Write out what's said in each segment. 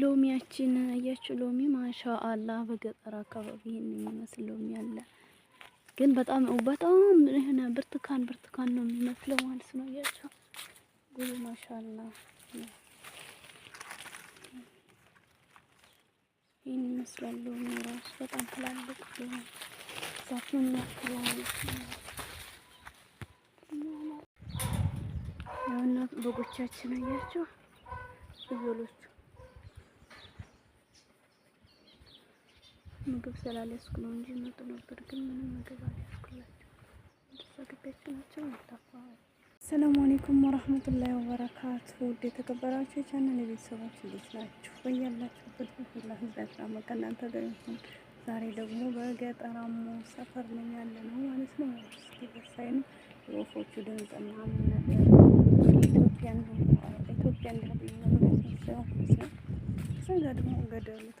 ሎሚያችን አያችሁ፣ ሎሚ ማሻ አላህ። በገጠር አካባቢ የሚመስል ሎሚ አለ፣ ግን በጣም በጣም የሆነ ብርቱካን ብርቱካን ነው የሚመስለው ማለት ነው። አያችሁ ጉሉ ማሻ አላህ ይህን ይመስላል ሎሚ ራሱ በጣም ትላልቅ ዛፉን ያክላል ነው። በጎቻችን አያችሁ ፍየሎቹ ምግብ ስላልያዝኩ ነው እንጂ መጡ ነበር፣ ግን ምንም ምግብ አልያዝኩላቸው። እንደሳግቢያቸው ናቸው ይጣፋ። ሰላም አለይኩም ወራህመቱላሂ ወበረካቱ። ውድ የተከበራችሁ የቻናል የቤተሰቦች እንዴት ናችሁ? በያላችሁበት ሁላ ህዛት አመቀ እናንተ ዛሬ ደግሞ በገጠራሙ ሰፈር ነው ያለ ነው ማለት ነው። እስኪ ወሳይ ነው የወፎቹ ድምጽና ምናምን ኢትዮጵያ ነው ኢትዮጵያ እንደሆነ ነው። ሰው ሰው ደግሞ ገደሉታ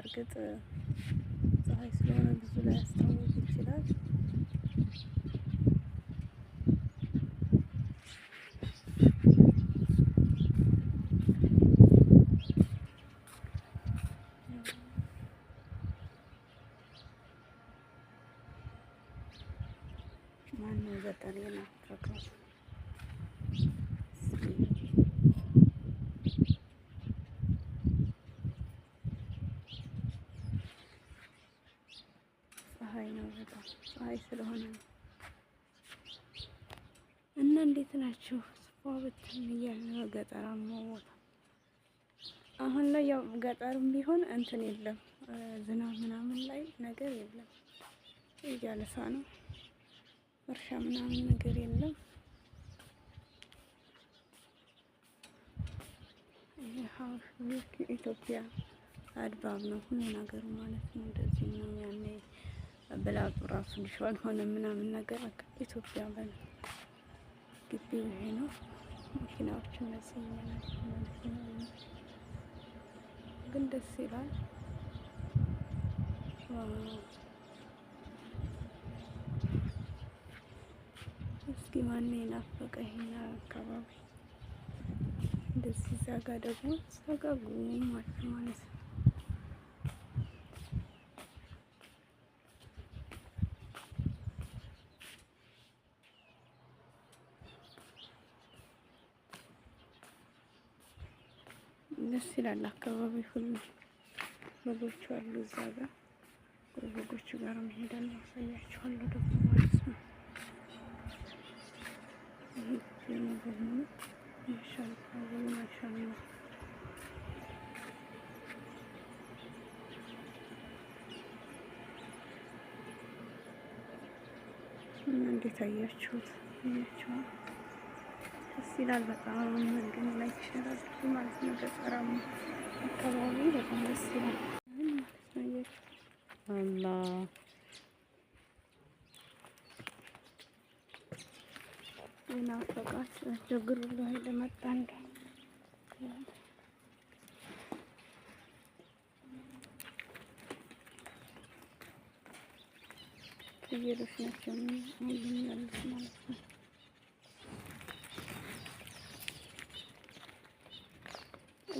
በእርግጥ ፀሐይ ስለሆነ ብዙ ላይ እንዴት ናችሁ? ስፋ ብትን እያለ ገጠራማ ቦታ አሁን ላይ ያው ገጠርም ቢሆን እንትን የለም ዝናብ ምናምን ላይ ነገር የለም። እያለሳ ነው እርሻ ምናምን ነገር የለም። ይህ ኢትዮጵያ አድባብ ነው ሁሉ ነገሩ ማለት ነው። እንደዚህ ነው ያኔ ብላጡ ራሱ ልሸዋል ሆነ ምናምን ነገር ኢትዮጵያ በለ ግቢ ይሄ ነው። መኪናዎቹ እነዚህ ግን ደስ ይላል። እስኪ ማን የናፈቀ ይሄን አካባቢ እንደዚህ እዛ ጋ ደግሞ ሰጋጉ ማለት ነው። ደስ ይላል። አካባቢ ሁሉ በጎቹ አሉ። እዛ ጋር በጎቹ ጋር መሄዳል ያሳያችኋለሁ ደግሞ ማለት ነው። እንዴት አያችሁት? ይላል። በጣም እንግዲህ ላይክ ሼር አድርጉ ማለት ነው። ገጠራማ አካባቢ በጣም ደስ ይላል አላህ የናፈቃት ችግር ብሎ ለመጣ እንደ ፍየሎች ናቸው ሁሉም ያሉት ማለት ነው።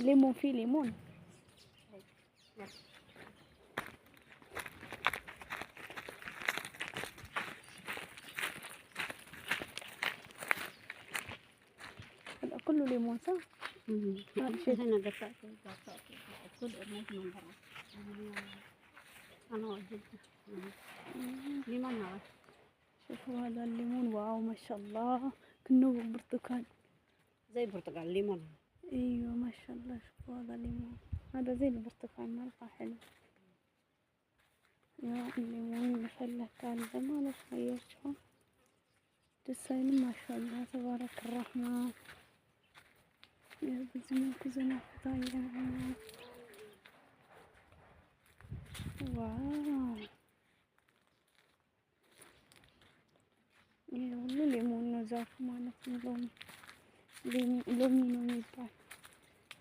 ليمون فيه ليمون هذا كله ليمون صح؟ هنا هذا شوفوا هذا الليمون واو ما شاء الله كنه برتقال زي برتقال ليمون ايوه ما شاء الله شوفوا هذا الليمون هذا زي البرتقال مرقه حلو يا الليمون مخلة كان زمان خيرتهم تسعين ما شاء الله تبارك الرحمن يا بزمان كزنا فضايا واو يا والله ليمون نزاف ما نفهم لون لون لون يبان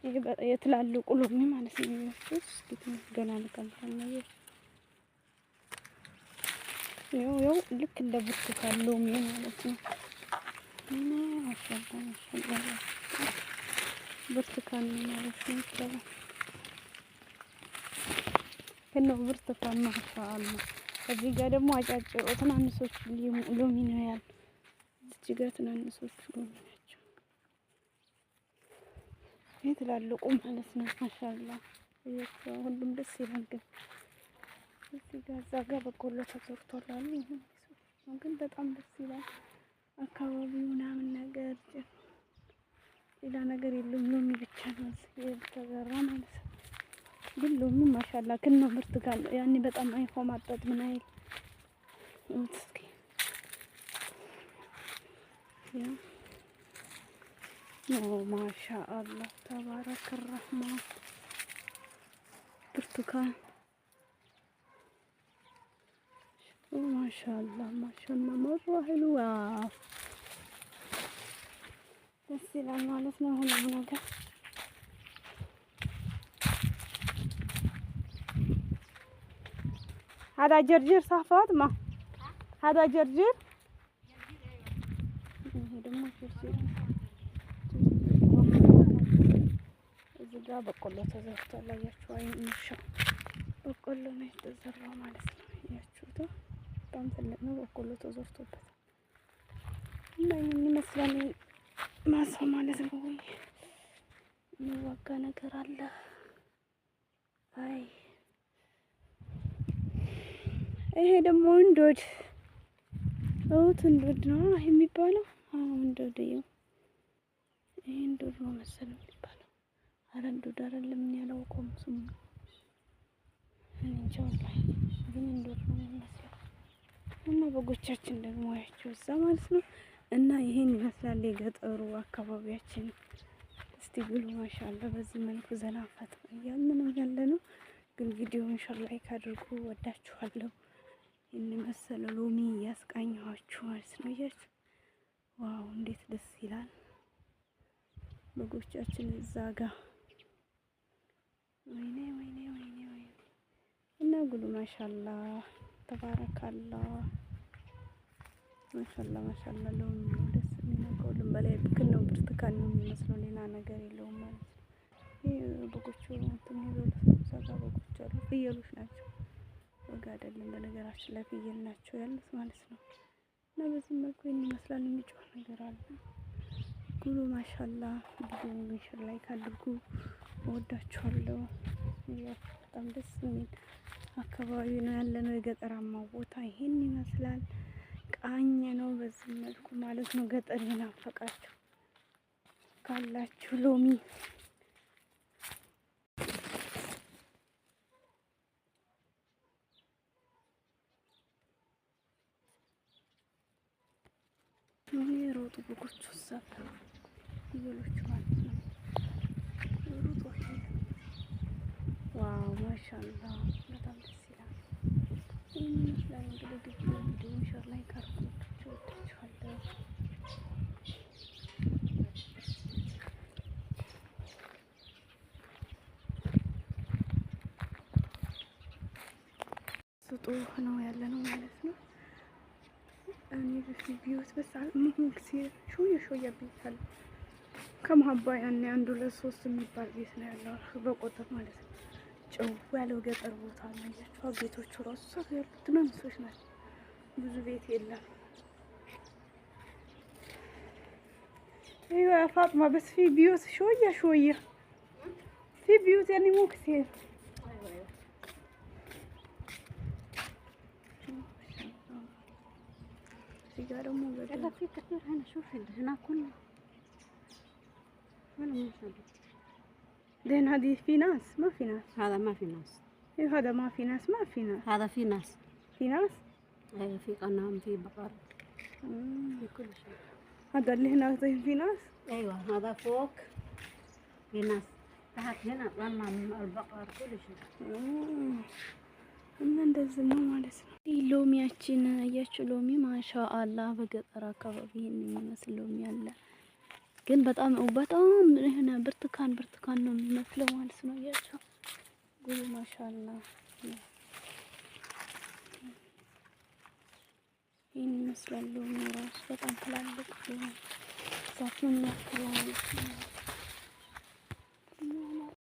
ይሄ የትላልቁ ሎሚ ማለት ነው። እሱስ ግጥም ገና ነው። ያው ያው ልክ እንደ ብርቱካን ሎሚ ማለት ነው። እና አሻንታ ብርቱካን ማለት ነው ይባላል። ከነው ብርቱካን ማሻአል ነው። እዚህ ጋር ደግሞ አጫጭሮ ትናንሶች ሎሚ ነው ያሉ። እዚህ ጋር ትናንሶች ሎሚ ትላልቁ ማለት ነው። ማሻላ ሁሉም ደስ ይላል። ግን እዚህ ጋር እዛ ጋር በቆሎ ተዘርቷል ግን በጣም ደስ ይላል አካባቢው ምናምን ነገር ሌላ ነገር የለም። ሎሚ ብቻ ነው የተዘራ ማለት ነው። ግን ሎሚ ማሻላ ግን ምርት ጋር ያኔ በጣም አይሆማጠጥ ምን አይል اه، ما شاء الله تبارك الرحمن برتقال ما شاء الله ما شاء الله مرة حلوة بس الآن مالتنا هنا هنا هذا جرجير صح فاطمة هذا جرجير እዛ በቆሎ ተዘርቷል። አያችሁ አይንሻ በቆሎ ነው የተዘራው ማለት ነው። አያችሁት በጣም ትልቅ ነው። በቆሎ ተዘርቶበታል እና ይህን ይመስላል ማሳ ማለት ነው። ወይ የሚዋጋ ነገር አለ። አይ ይሄ ደግሞ እንዶድ እውት እንዶድ ነው የሚባለው። አሁን እንዶድ ይሄ እንዶድ ነው መሰለኝ አረ እንደው ዳርን ለምን ያላውቀውም ስሙ እንጃ ግን እንደው እና በጎቻችን ደግሞ አያቸው እዛ ማለት ነው። እና ይሄን ይመስላል የገጠሩ አካባቢያችን። እስቲ ብሉ ማሻአላ። በዚህ መልኩ ዘና ፈታ እያልንም ያለ ነው። ግን ቪዲዮ ኢንሻአላ ላይክ አድርጉ። ወዳችኋለሁ። የመሰለ ሎሚ እያስቃኘኋችሁ ማለት ነው። እያችሁ ዋው እንዴት ደስ ይላል። በጎቻችን እዛ ጋር ወይኔ ወይኔ ወይኔ ወይኔ እና ጉሉ ማሻላ ተባረካላ ማሻላ ማሻላ ለሁሉ ደስ የሚለው ከሁሉም በላይ ብክን ነው። ብርቱካን ነው የሚመስለው፣ ሌላ ነገር የለውም ማለት ነው። ይህ በጎቹ እንትን ይበሉ ሰባ በጎች አሉ። ፍየሎች ናቸው። በግ አይደለም በነገራችን ላይ ፍየል ናቸው ያሉት ማለት ነው። እና በዚህ መልኩ ይህን ይመስላል። የሚጮህ ነገር አለ። ጉሉ ማሻላ ብዙ ሚሽር ላይ ካድርጉ ወዳችኋለሁ። በጣም ደስ የሚል አካባቢ ነው ያለ ነው። የገጠራማው ቦታ ይሄን ይመስላል። ቃኝ ነው በዚህ መልኩ ማለት ነው። ገጠር ይናፈቃችሁ ካላችሁ ሎሚ الطبخ أنا يعلنوا ማለት ነው እኔ ቢዩት بس المهم كثير شوية شوية بيتال ከመሀባ ያኔ አንድ ሁለት ሶስት የሚባል ቤት ነው ያለው በቁጥር ማለት ነው። ጭው ያለው ገጠር ቦታ ነው ያቸው ቤቶቹ ራሱ ሰፍ ያሉት ትናንሾች ናቸው። ብዙ ቤት የለም። ايوه يا فاطمه بس في بيوت شويه شويه في بيوت يعني مو كثير مو موجودة لا في كثير هنا شوفي هنا كله ولا ما شاء الله لين هذه في ناس ما في ناس هذا ما في ناس ايه هذا ما في ناس ما في ناس هذا في ناس في ناس ايه في قنام في بقر في كل شيء هذا اللي هنا زي طيب، في ناس ايوه هذا فوق في ناس تحت هنا طلعنا البقر كل شيء እና እንደዚህ ነው ማለት ነው። ሎሚያችን አያችሁ፣ ሎሚ ማሻ አላህ። በገጠር አካባቢ ይሄን የሚመስል ሎሚ አለ፣ ግን በጣም በጣም የሆነ ብርቱካን ብርቱካን ነው የሚመስለው ማለት ነው። አያችሁ ጉሉ ማሻ ይህን ይመስላል ሎሚ ራሱ በጣም ትላልቅ ዛፉን ያክላል